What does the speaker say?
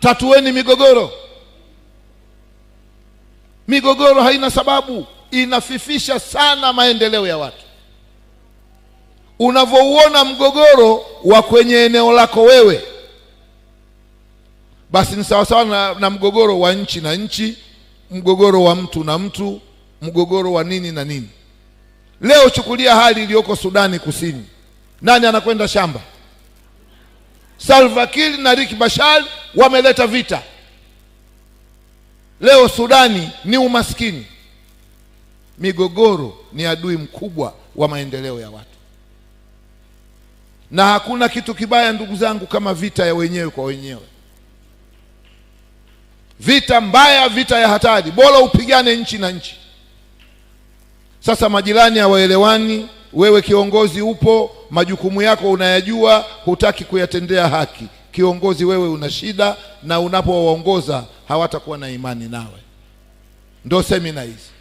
tatueni migogoro migogoro haina sababu inafifisha sana maendeleo ya watu unavyouona mgogoro wa kwenye eneo lako wewe basi ni sawasawa na, na mgogoro wa nchi na nchi mgogoro wa mtu na mtu mgogoro wa nini na nini leo chukulia hali iliyoko sudani kusini nani anakwenda shamba salva kiir na riek bashar wameleta vita. Leo Sudani ni umaskini. Migogoro ni adui mkubwa wa maendeleo ya watu, na hakuna kitu kibaya, ndugu zangu, kama vita ya wenyewe kwa wenyewe. Vita mbaya, vita ya hatari, bora upigane nchi na nchi. Sasa majirani hawaelewani wewe kiongozi upo, majukumu yako unayajua, hutaki kuyatendea haki. Kiongozi wewe una shida, na unapowaongoza hawatakuwa na imani nawe. Ndio semina hizi.